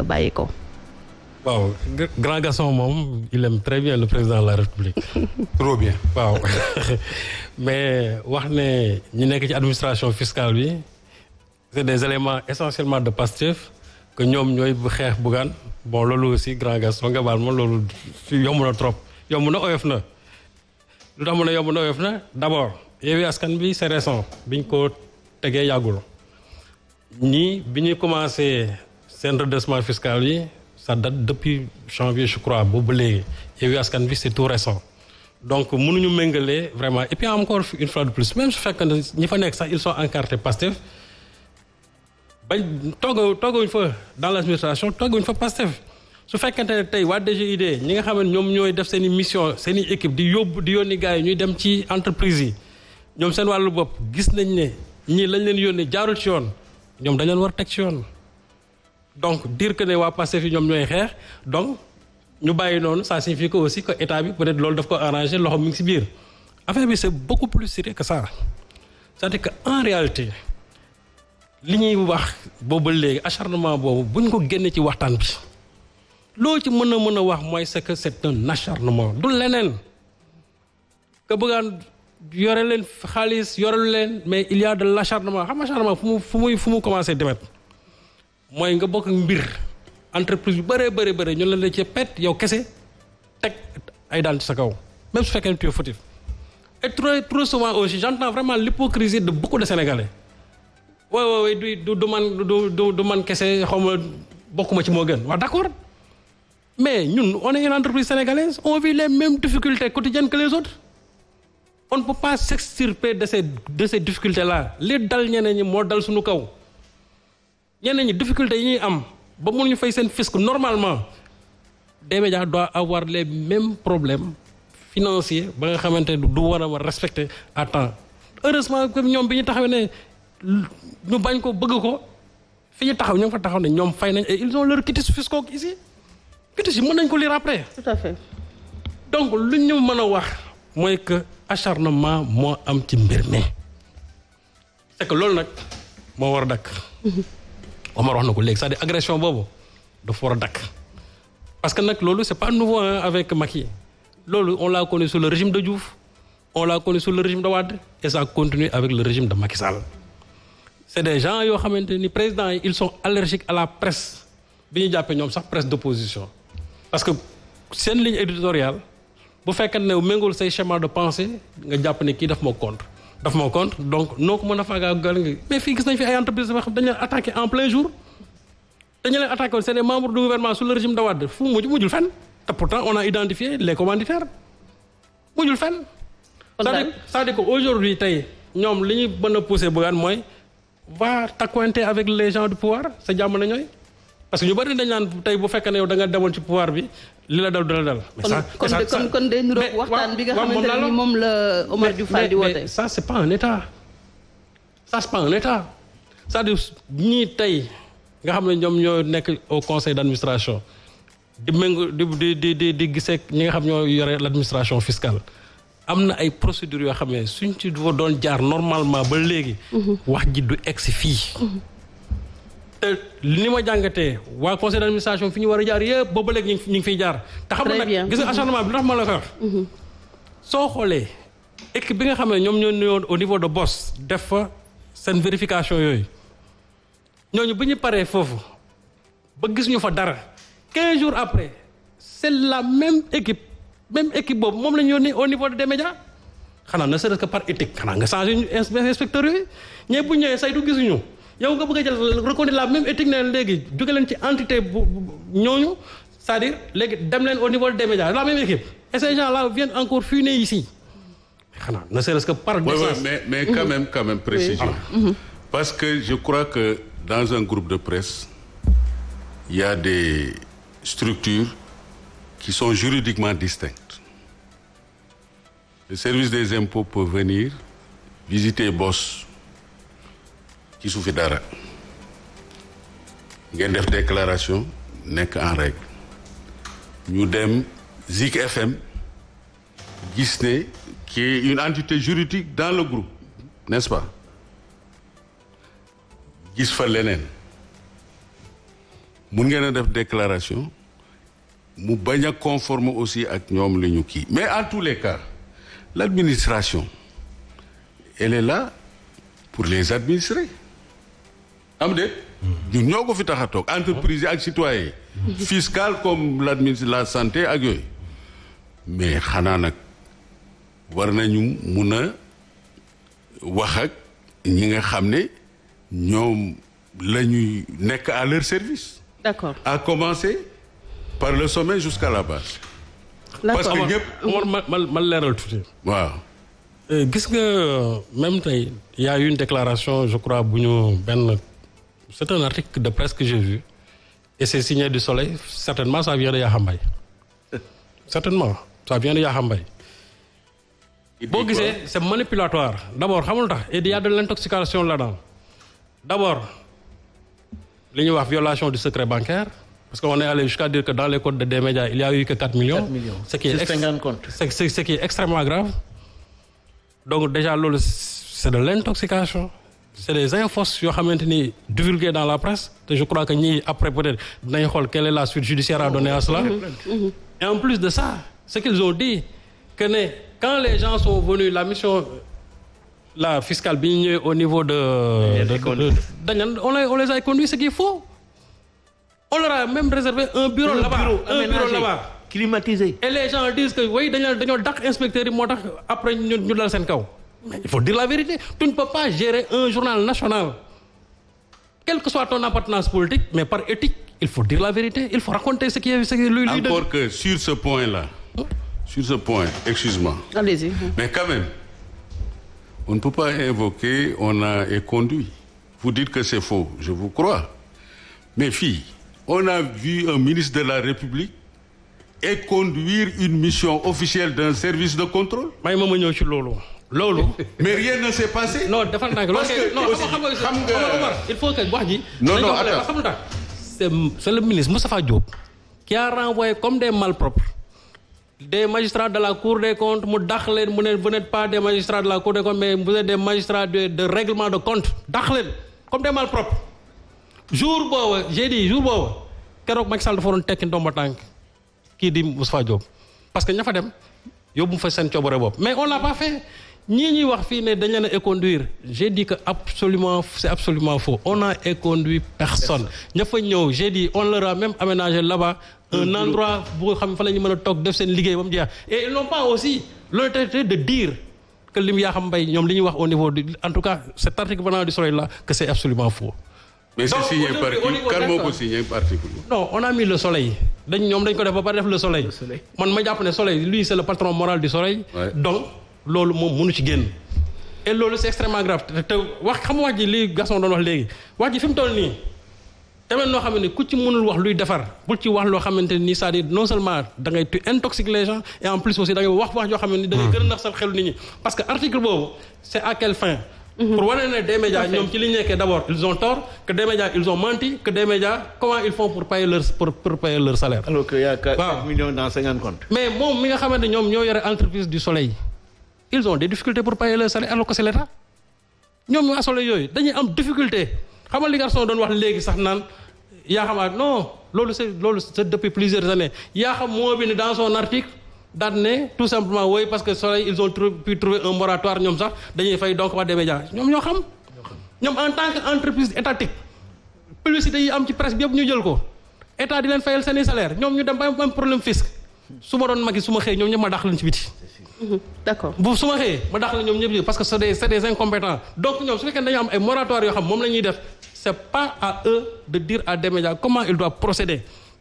bàyyi ko. waaw grand garçon moom il aime bien le président de la république. trop bien waaw. mais wax ne ñu nekk ci administration fiscale bi c'est des éléments essentiellement de Pastef que ñoom ñooy xeex Bougane bon loolu aussi grand garçon nga baal ma loolu yomb na trop yomb na oyof na. lu tax mu ne na oyof na Askan Wi c'est récent biñ ko tegee yàggul ñii bi ñuy commencé. seen redressement fiscal yi ça date depuis janvier je crois boobu ba léegi Yewwi bi Wi c'est tout récent donc mënuñu méngale vraiment et puis encore une fois de plus même su fekkee ñi fa nekk sax ils sont encartés Pastef bañ tooga tooguñ fa dans l'administration tooguñ fa Pastef su fekkente ne tey waa DGID ñi nga xam ne ñoom ñooy def seen i mission seen équipe di yóbbu di yónni gars yi ñuy dem ci entreprise yi ñoom seen wàllu bopp gis nañ ne ñii lañ leen yónni jaarul ci yoon ñoom dañ war teg ci yoon donc dire que ne waa Pastef fi ñoom ñooy xeex donc ñu bàyyi noonu saa ça signifie ko aussi que état bi peut être loolu daf ko arrangé loxo mi ngi si biir affaire bi se est beaucoup plus sérieux que ça c' est à que en réalité li ñuy wax boobu léegi acharnement boobu buñ ko génnee ci waxtaan bi loo ci mën a mën a wax mooy c' est que c' est un acharnement du leneen que bëggaan yore leen xaalis yorelu leen mais il y a de l' acharnement xam acharnement fu mu fu muy fu mu commencé demet mooy nga bokk mbir entreprise bu bëree bëri bëri ñu la la ci pet yow kese teg ay daan ci sa kaw même su fekkee ne tu es fautif et trop trop souvent aussi j'entends vraiment l'hypocrisie de beaucoup de sénégalais waaw waaw waaw du du du man du man kese xaw ma bokkuma ci moo gën waaw d'accord mais ñun on est une entreprise sénégalaise on les mêmes difficultés quotidiennes que les autres on ne peut pas s'extirper de ces de ces difficultés li dal ñeneen ñi moo dal suñu kaw. ñenn ñi difficulté yi ñuy am ba ñu fay seen fisc normalement des médias e doit avoir les mêmes problèmes financiers ba nga xamante ne du war a war respecter à temps heureusement que ñoom bi ñu taxawee ne ñu bañ ko bëgg ko fi ñu taxaw ñu fa taxaw ne ñoom fay nañ et ils ont leur quitus fiscaux ici quitus yi mën nañ ko lire après. tout à donc lu ñu mën a wax mooy que acharnement moo am ci mbir mi c'est loolu nag moo war a dakk Omar wax na ko léegi c'est-à-dire boobu dafa war a dakk parce que nag loolu c'est pas nouveau hein, avec Macky loolu on l'a connu sous le régime de Diouf on l'a connu sous le régime de Wade et ça continue avec le régime de Macky Sall c'est des gens yoo xamante ni président yi ils sont allergiques à la presse bi ñu jàppee ñoom sax presse d'opposition parce que seen ligne éditoriale bu fekkee ne méngul say schéma de pensée nga jàpp ne kii daf ma contre daf ma contre donc noo ko mën a faagaagal ngi mais fii gis nañ fi ay entreprise yoo xam dañu leen attaqué en plein jour dañu leen attaqué woon c'est des du gouvernement sous le régime fu mujj mujjul fenn te pourtant on a identifié les commanditaires mujjul fenn. c'est-à-dire cest ko dire que aujourd'hui tey ñoom li ñuy mën a poussé bëggaan mooy va t'accointer avec les gens du pouvoir sa jàmm na ñooy parce que ñu bëri dañ naan tey bu fekkee ne yow da nga demoon ci pouvoir bi li la dal la dal. mais kon kon day niroog waxtaan bi nga xam ne moom la Omar Diouf Fall di woote. mais ça c'est pas un état ça c'est ñii tey nga xam ne ñoom ñoo nekk au conseil d'administration di méngoo di di di di gisee ñi nga xam ñoo yore l'administration fiscale am na ay procédures yoo xam ne suñ ci doon jaar normalement ba léegi. Mhm. wax ji du egsi fii. Mhm. te li ma jàngatee waa conseil d' fi ñu war a jaar yëpp ba ba léegi fi ngi ñu ngi jaar. te xam nga nag gis nga acharnement bi ndax ma la ko mhm. soo xoolee équipe bi nga xam ne ñoom ñoo nuyoon au niveau de BOS def fa seen vérification yooyu ñooñu bu ñu paree foofu ba gis ñu fa dara 15 jour après c' est la même équipe même équipe boobu moom la ñu yónnee au niveau de médias xanaa ne serait-ce que par éthique xanaa nga changé inspecteur yooyu ñëpp bu ñëwee saytu gisuñu. yow nga bëgg a jël recommander la même éthique ne léegi jóge leen ci entité bu ñooñu c'est-à-dire léegi dem leen au niveau des médias la même équipe et ces gens-là viennent encore funer ici xanaa ne serait-ce mais mais quand même quand même précision ah. mhm. parce que je crois que dans un groupe de presse il y a des structures qui sont juridiquement distinctes le service des impôts peut venir visiter BOS ci suufi dara ngeen def déclaration nekk en règle ñu dem Zik FM gis ne qui est une entité juridique dans le groupe n'est-ce pas gis fa leneen mun ngeen a def déclaration mu bañ a conforme aussi ak ñoom li ñu kii mais en tous les cas l'administration elle est là pour les administrer am déet ñun ñoo ko fi tax a toog entreprise yi ak citoyen yi fiscal comme l'administration la santé ak yooyu mais xanaa nag war nañu mun a wax ak ñi nga xam ne ñoom la ñuy nekk à leur service d'accord à commencer par le sommet jusqu'à la base parce que ñëpp ma ma leeral tuuti waaw euh, gis nga euh, même tey y a une déclaration je crois bu ñu benn C'est un article de presse que j'ai vu. Et c'est signé du soleil. Certainement, ça vient de Yahambaye. Certainement, ça vient de Yahambaye. boo gisee c' est manipulatoire d' abord xamul tax et il y a de l' intoxication là-dedans li ñu wax violation du secret bancaire parce que on est allé jusqu'à dire que dans les codes de des médias il y a eu que 4 millions. 4 millions ce qui est ce qui est extrêmement grave donc déjà loolu c' de l' c'est des infos yoo xamante ni divulguées dans la presse te je crois que ñi après peut-être dinañ xool quelle est la suite judiciaire à donner à et en plus de ça ce qu'ils ont dit que ne quand les gens sont venus la mission la fiscale bi ñu ñëwee au niveau de. dañu on les on les a conduits ce qu'il faut on leur a même réservé un bureau là et les gens disent que oui dañoo dañoo dàq inspecteurs yi moo tax après ñu ñu dal seen kaw. Mais il faut dire la vérité. Tu ne peux pas gérer un journal national, quelle soit ton appartenance politique, mais par éthique, il faut dire la vérité, il faut raconter ce qui est, ce qui de... que sur Mais quand même, on ne peut pas invoquer, on a est Vous dites que c'est faux, je vous crois. Mes filles, on a vu un ministre de la République et conduire une mission officielle d'un service de contrôle. may ma ma ñëw ci loolu. loolu. mais rien ne s'est passé. non dafa ndànk loolu kay non xam nga xam nga il faut que wax ji. non non attends ministre Moustapha Diop. qui a renvoyé comme des malpropres. des de la cour des mu dax leen mu ne vous n'êtes pas des magistrats de la cour des comptes mais vous de de règlement de compte dax leen comme des malpropres jour booba j'ai dit jour booba keroog Macky Sall dafa waroon tekki ndomba tànk kii di Moustapha Diop parce que ña fa dem yóbbu fa seen coobare bopp mais on l'a pas fait ñii ñuy wax fii ne dañ leen a éconduire j'ai dit que absolument c'est absolument faux on a éconduit personne ña fa ñëw j'ai on leur a même aménagé là-bas un endroit bu xam fa la ñu mën a toog def seen liggéey ba mu jeex et ils n'ont pas aussi l'honnêteté de dire que lim yaa xam mbay ñoom li ñuy wax au niveau du en tout cas cet article venant du soleil là que c'est absolument faux mais c'est signé par qui moo ko signé particulier non a mis le soleil dañu ñoom dañ ko def ba pare def le soleil man ma jàpp ne soleil lui c'est le patron moral du soleil donc loolu moom mënu ci génn et loolu c'est extrêmement grave te wax xam wax ji li gason doon wax léegi wax ji fi mu toll nii demeen noo xamante ni ku ci mënul wax luy defar bul ci wax loo xamante ni c'est-à-dire non seulement da ngay tu intoxique les et en plus aussi da wax wax yoo xamante ni da ngay hmm. gën a nax sa xelu nit parce que article boobu c'est à fin Mhm. pour wane ne des médias ñoom ci li ñu nekkee ils ont tort que des médias ils ont menti que des médias comment ils font pour payer leur pour pour payer leur salaire. alors que y' a 4 millions dans 50 comptes. mais moom mi nga xamante ñoom ñoo yore entreprise du soleil ils ont des difficultés pour payer leur salaire alors que c' est ñoom waa soleil yooyu dañuy am difficulté xamal li garçon doon wax léegi sax naan yaa xamaat ah, non loolu c' loolu c' est plusieurs années yaa xam moo bi ne daan ne tout simplement wooy parce que soleil ils ont pu trouver un moratoire ñoom sax dañuy fay donc wax des ñoom ñoo xam ñoom en tant que entreprise étatique publicité yi am ci presse bi yëpp ñu jël ko état di leen fayal seen i salaire ñoom ñu dem ba am problème fisc su ma doon magi su ma xëyee ñoom ñëpp ma dàq leen ci biti mhm, bu su ma xëyee ma dàq leen ñoom ñëpp ji parce que c'est des c'est des incompétents donc ñoom su fekkee dañu am ay moratoire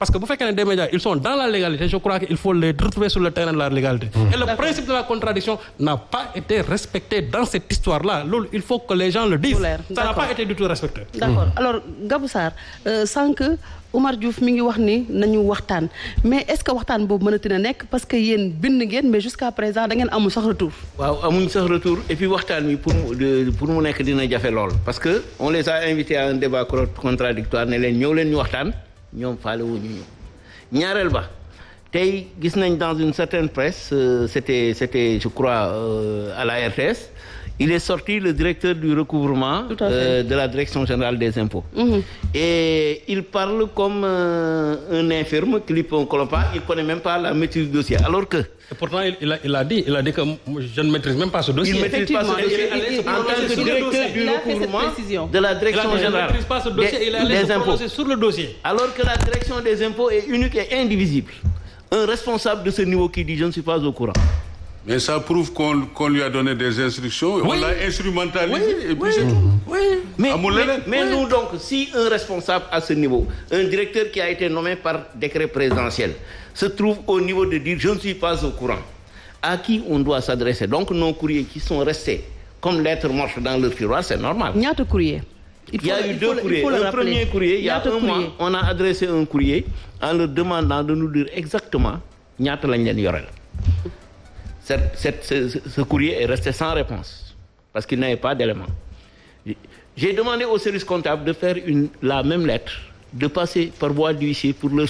parce que bu fekkee ne des médias ils sont dans la légalité je crois que il faut les retrouver sur le terrain la légalité mmh. le principe de la contradiction n'a pas été respecté dans cette histoire là loolu il faut que les gens le disent ça n'a pas été du tout respecté d'accord mmh. alors Gabou Sarr euh, sànq Oumar Diouf mi ngi wax ni nañu waxtaan mais est-ce que waxtaan boobu mënati na nekk parce que yéen bind ngeen mais jusqu'à présent da amul sax retour. waxtaan mi pour mu pour mu dina jafe lool parce que on les a invités à un débat ñu waxtaan. ñoom faale wu ñu ñu ñaareel ba tey gis nañ dans une certaine presse euh, c'était c'était je crois euh, à la RTS il est sorti le directeur du recouvrement euh, de la direction générale des impôts mmh. et il parle comme euh, un infirme qui ne connaît même pas la maîtrise du dossier alors que il, a, dit que je ne maîtrise même pas ce ce dossier il, en tant que la direction générale des impôts est indivisible un responsable de ce niveau qui dit je ne suis pas au courant Mais ça prouve qu'on qu lui a donné des instructions, oui. on l'a instrumentalisé oui, et puis c'est tout. Oui. Mais, mais, mais nous donc, si un responsable à ce niveau, un directeur qui a été nommé par décret présidentiel, se trouve au niveau de dire je ne suis pas au courant, à qui on doit s'adresser? Donc nos courriers qui sont restés comme lettres mortes dans le tiroir, c'est normal. Ñaata courrier? a eu deux courriers. Le premier courrier, il y a un mois, on a adressé un en leur demandant de nous dire exactement ñaata lañ leen yoreel. cette, cette, ce, ce, courrier est resté sans réponse parce qu'il n'avait pas d'éléments. J'ai demandé au service comptable de faire une, la même lettre, de passer par voie d'huissier pour le